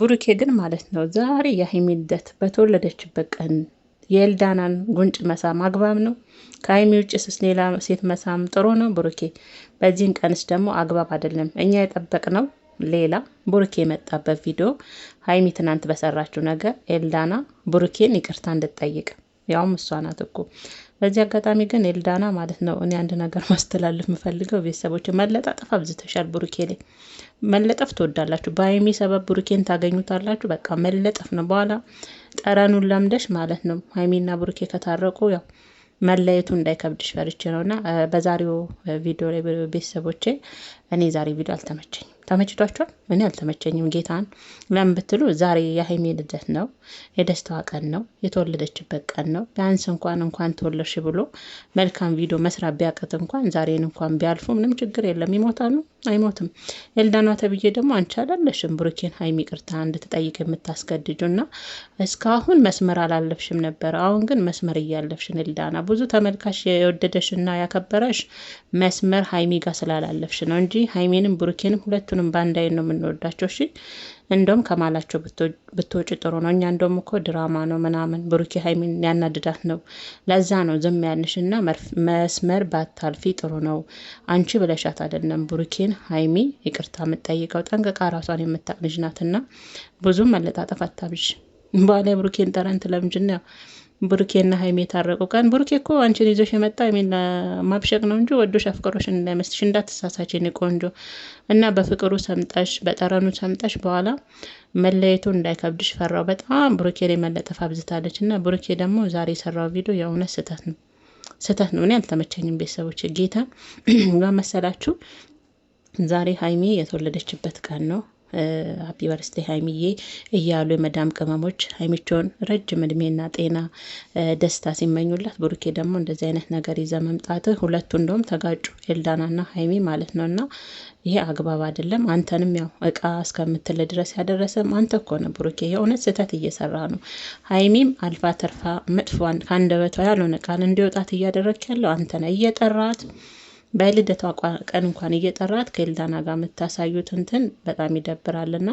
ብሩኬ ግን ማለት ነው ዛሬ የሀይሚ ልደት በተወለደችበት ቀን የኤልዳናን ጉንጭ መሳም አግባብ ነው? ከሀይሚ ውጭስ ሌላ ሴት መሳም ጥሩ ነው? ብሩኬ በዚህን ቀንስ ደግሞ አግባብ አይደለም። እኛ የጠበቅ ነው ሌላ ብሩኬ የመጣበት ቪዲዮ ሀይሚ ትናንት በሰራችው ነገር ኤልዳና ብሩኬን ይቅርታ እንድጠይቅ ያውም እሷ ናት እኮ። በዚህ አጋጣሚ ግን ኤልዳና ማለት ነው እኔ አንድ ነገር ማስተላለፍ የምፈልገው ቤተሰቦች መለጣጠፍ አብዝተሻል። ብሩኬ ላይ መለጠፍ ትወዳላችሁ። በሀይሚ ሰበብ ብሩኬን ታገኙታላችሁ። በቃ መለጠፍ ነው። በኋላ ጠረኑን ለምደሽ ማለት ነው ሀይሚና ብሩኬ ከታረቁ ያው መለየቱ እንዳይከብድሽ ፈርቼ ነው። እና በዛሬው ቪዲዮ ላይ ቤተሰቦቼ እኔ ዛሬ ቪዲዮ አልተመቸኝ ተመችቷችኋል? እኔ አልተመቸኝም። ጌታን ለምን ብትሉ ዛሬ የሀይሜ ልደት ነው፣ የደስታዋ ቀን ነው፣ የተወለደችበት ቀን ነው። ቢያንስ እንኳን እንኳን ተወለድሽ ብሎ መልካም ቪዲዮ መስራት ቢያቅት እንኳን ዛሬን እንኳን ቢያልፉ ምንም ችግር የለም። ይሞታሉ? አይሞትም። የልዳኗ ተብዬ ደግሞ አንቺ አላለሽም ብሩኬን ሀይሚ ቅርታ እንድትጠይቅ የምታስገድጁ እና እስካሁን መስመር አላለፍሽም ነበር። አሁን ግን መስመር እያለፍሽን ልዳና ብዙ ተመልካች የወደደሽ እና ያከበረሽ መስመር ሀይሚ ጋር ስላላለፍሽ ነው እንጂ ሀይሜንም ብሩኬንም ሁለቱ ሁለቱንም በአንድ አይን ነው የምንወዳቸው። እሺ እንደውም ከማላቸው ብትወጭ ጥሩ ነው። እኛ እንደውም እኮ ድራማ ነው ምናምን ብሩኬ ሀይሚን ያናድዳት ነው። ለዛ ነው ዝም ያልንሽ እና መስመር ባታልፊ ጥሩ ነው። አንቺ ብለሻት አይደለም ብሩኬን ሀይሚ ይቅርታ የምጠይቀው ጠንቅቃ ራሷን የምታቅንጅ ብዙም መለጣጠፍ አታብዥ። ባለ ብሩኬን ጠረንት ለምንድን ነው ብሩኬና ሀይሜ የታረቁ ቀን ብሩኬ እኮ አንቺን ይዞሽ የመጣ ሀይሜን ማብሸቅ ነው እንጂ ወዶሽ አፍቅሮሽ እንዳይመስልሽ እንዳትሳሳች የኔ ቆንጆ እና በፍቅሩ ሰምጠሽ በጠረኑ ሰምጠሽ በኋላ መለየቱ እንዳይከብድሽ ፈራው። በጣም ብሩኬ ላይ መለጠፍ አብዝታለች እና ብሩኬ ደግሞ ዛሬ የሰራው ቪዲዮ የእውነት ስህተት ነው፣ ስህተት ነው። እኔ አልተመቸኝም። ቤተሰቦች ጌታ ጋር መሰላችሁ ዛሬ ሀይሜ የተወለደችበት ቀን ነው። ሀፒ በርስቴ ሀይሚዬ እያሉ የመዳም ቅመሞች ሀይሚቾን ረጅም እድሜና ጤና ደስታ ሲመኙላት፣ ብሩኬ ደግሞ እንደዚህ አይነት ነገር ይዘ መምጣት ሁለቱ እንደውም ተጋጩ፣ ኤልዳናና ሀይሚ ማለት ነው። እና ይሄ አግባብ አይደለም። አንተንም ያው እቃ እስከምትል ድረስ ያደረሰም አንተ እኮ ነው ብሩኬ። የእውነት ስህተት እየሰራ ነው። ሀይሚም አልፋ ተርፋ መጥፎ ከአንደበቷ ያልሆነ ቃል እንዲወጣት እያደረግ ያለው አንተ ነህ እየጠራት በልደቷ ቀን እንኳን እየጠራት ከኤልዳና ጋር የምታሳዩት እንትን በጣም ይደብራልና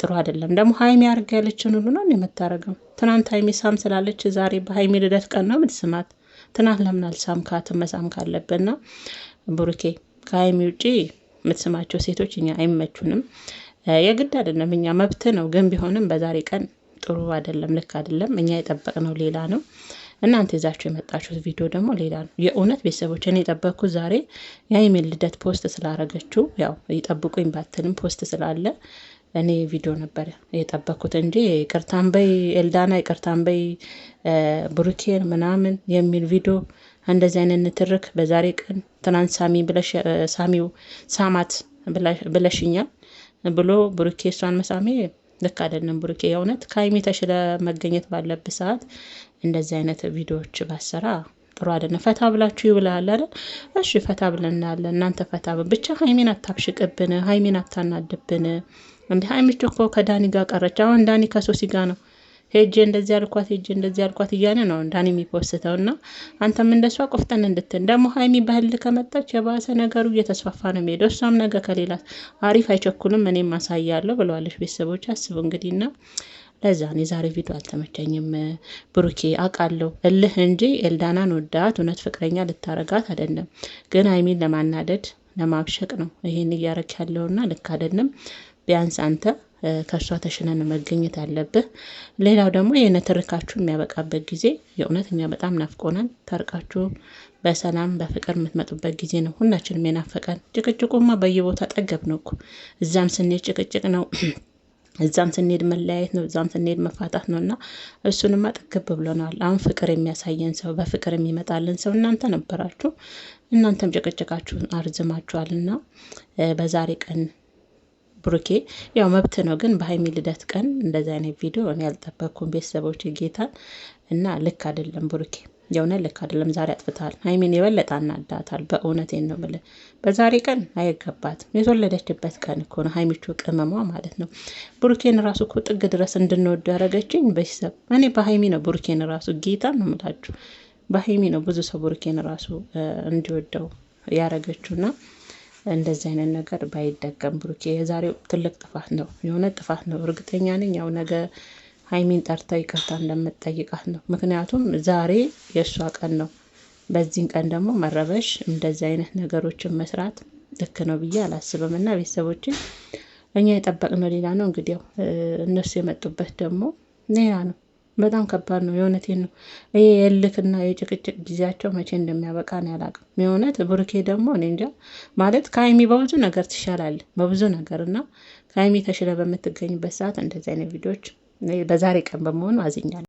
ጥሩ አይደለም። ደግሞ ሀይሚ አርግ ያለችን ሁሉ ነው የምታረገው። ትናንት ሀይሚ ሳም ስላለች ዛሬ በሀይሚ ልደት ቀን ነው ምትስማት። ትናንት ለምን አልሳምካትም? መሳም ካለብና ብሩኬ ከሀይሚ ውጪ የምትስማቸው ሴቶች እኛ አይመቹንም። የግድ አይደለም እኛ መብት ነው፣ ግን ቢሆንም በዛሬ ቀን ጥሩ አይደለም፣ ልክ አይደለም። እኛ የጠበቅነው ሌላ ነው። እናንተ ይዛችሁ የመጣችሁት ቪዲዮ ደግሞ ሌላ ነው። የእውነት ቤተሰቦች እኔ የጠበቅኩት ዛሬ የሀይሚን ልደት ፖስት ስላረገችው ያው ይጠብቁኝ ባትልም ፖስት ስላለ እኔ ቪዲዮ ነበር የጠበኩት እንጂ ይቅርታን በይ ኤልዳና፣ ይቅርታን በይ ብሩኬን ምናምን የሚል ቪዲዮ እንደዚህ አይነት ንትርክ በዛሬ ቀን ትናንት ሳሚ ሳሚው ሳማት ብለሽኛል ብሎ ብሩኬ እሷን መሳሜ ልክ አይደለም ብሩኬ። የእውነት ከሀይሚ ተሽለ መገኘት ባለብህ ሰዓት እንደዚህ አይነት ቪዲዮዎች ባሰራ ጥሩ አይደለም። ፈታ ብላችሁ ይብላል አይደል? እሺ ፈታ ብለናል። እናንተ ፈታ ብቻ ሀይሚን አታብሽቅብን፣ ሀይሚን አታናድብን። እንዲህ ሀይሚች እኮ ከዳኒ ጋር ቀረች። አሁን ዳኒ ከሶሲ ጋር ነው ሄጄ እንደዚህ አልኳት ሄጄ እንደዚህ አልኳት እያለ ነው ዳኒ የሚፖስተው እና አንተም እንደሷ ቆፍጠን እንድትን ደግሞ ሀይሚ ባህል ከመጣች የባሰ ነገሩ እየተስፋፋ ነው የሚሄደው። እሷም ነገ ከሌላ አሪፍ አይቸኩልም። እኔም ማሳያለሁ ብለዋለች። ቤተሰቦች አስቡ እንግዲህ ና ለዛ ነው ዛሬ ቪዲዮ አልተመቸኝም። ብሩኬ አውቃለሁ እልህ እንጂ ኤልዳናን ወዳት እውነት ፍቅረኛ ልታረጋት አይደለም፣ ግን ሀይሚን ለማናደድ ለማብሸቅ ነው ይሄን እያረግ ያለውና ልክ አይደለም። ቢያንስ አንተ ከእሷ ተሽነን መገኘት አለብህ። ሌላው ደግሞ ይህን ትርካችሁ የሚያበቃበት ጊዜ የእውነት እኛ በጣም ናፍቆናል። ታርቃችሁ በሰላም በፍቅር የምትመጡበት ጊዜ ነው ሁላችንም የናፈቀን። ጭቅጭቁማ በየቦታ ጠገብ ነው እኮ እዛም ስንሄድ ጭቅጭቅ ነው እዛም ስንሄድ መለያየት ነው። እዛም ስንሄድ መፋታት ነው። እና እሱንማ ጥግብ ብሎናል። አሁን ፍቅር የሚያሳየን ሰው በፍቅር የሚመጣልን ሰው እናንተ ነበራችሁ። እናንተም ጭቅጭቃችሁን አርዝማችኋል እና በዛሬ ቀን ብሩኬ ያው መብት ነው፣ ግን በሀይሚ ልደት ቀን እንደዚህ አይነት ቪዲዮ እኔ ያልጠበቅኩም ቤተሰቦች ጌታ እና ልክ አይደለም ብሩኬ የሆነ ልክ አይደለም። ዛሬ አጥፍተሃል። ሀይሚን የበለጠ አናዳታል። በእውነቴን ነው ብለን በዛሬ ቀን አይገባትም። የተወለደችበት ቀን እኮ ነው ሀይሚቹ ቅመሟ ማለት ነው። ብሩኬን ራሱ እኮ ጥግ ድረስ እንድንወዱ ያደረገችኝ በሰብ እኔ በሀይሚ ነው። ብሩኬን ራሱ ጌታ ነው የምላችሁ በሀይሚ ነው ብዙ ሰው ብሩኬን ራሱ እንዲወደው ያደረገችውና እንደዚህ አይነት ነገር ባይደገም ብሩኬ፣ የዛሬው ትልቅ ጥፋት ነው፣ የሆነ ጥፋት ነው። እርግጠኛ ነኝ ያው ነገ ሀይሚን ጠርታ ይቅርታ እንደምትጠይቃት ነው። ምክንያቱም ዛሬ የእሷ ቀን ነው። በዚህን ቀን ደግሞ መረበሽ፣ እንደዚህ አይነት ነገሮችን መስራት ልክ ነው ብዬ አላስብም። እና ቤተሰቦችን እኛ የጠበቅነው ሌላ ነው። እንግዲህ እነሱ የመጡበት ደግሞ ሌላ ነው። በጣም ከባድ ነው። የእውነቴን ነው። ይሄ የእልክና የጭቅጭቅ ጊዜያቸው መቼ እንደሚያበቃ ነው ያላቅም። የእውነት ብሩኬ ደግሞ እኔ እንጃ ማለት ከሀይሚ በብዙ ነገር ትሻላል፣ በብዙ ነገር እና ከሀይሚ ተሽለ በምትገኝበት ሰዓት እንደዚህ አይነት ቪዲዮዎች በዛሬ ቀን በመሆኑ አዝኛለሁ።